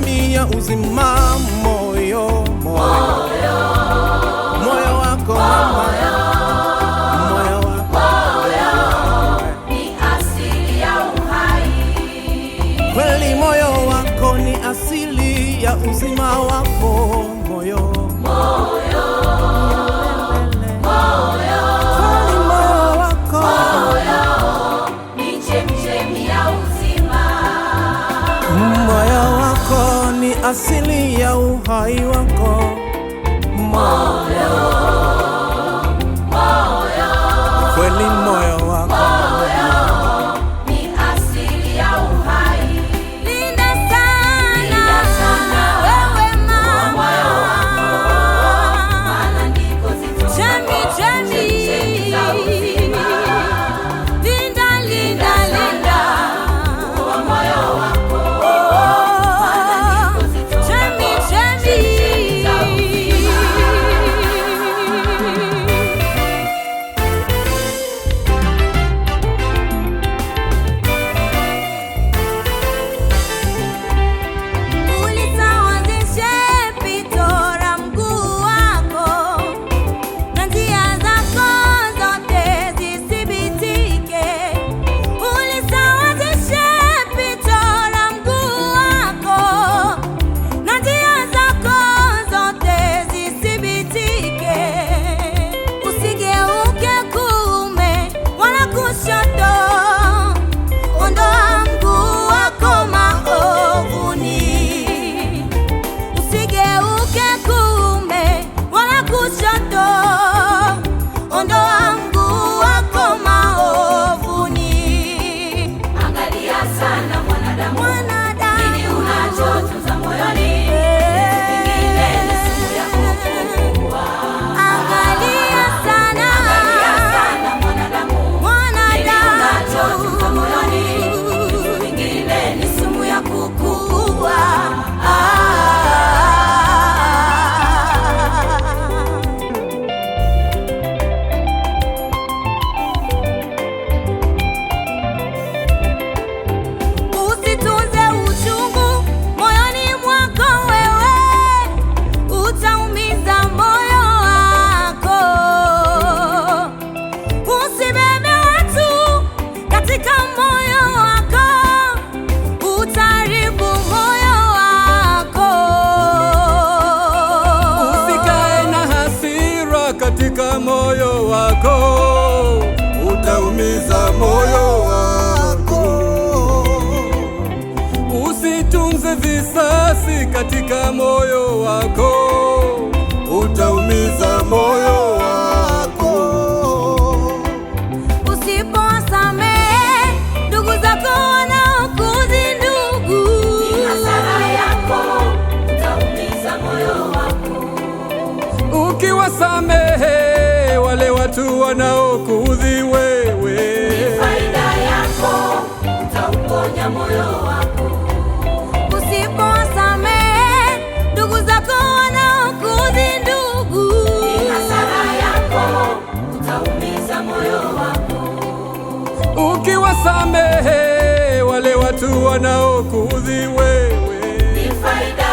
chemchemi ya uzima, moyo moyo moyo wako mama asili ya uzima wako moyo moyo asili ya uhai wako Mola katika moyo wako, utaumiza moyo wako. Usipowasamehe ndugu zako wanaokuudhi, ndugu, hasara yako, utaumiza moyo wako. Ukiwasamehe wale watu wanaoku wanaokuudhi wewe ni faida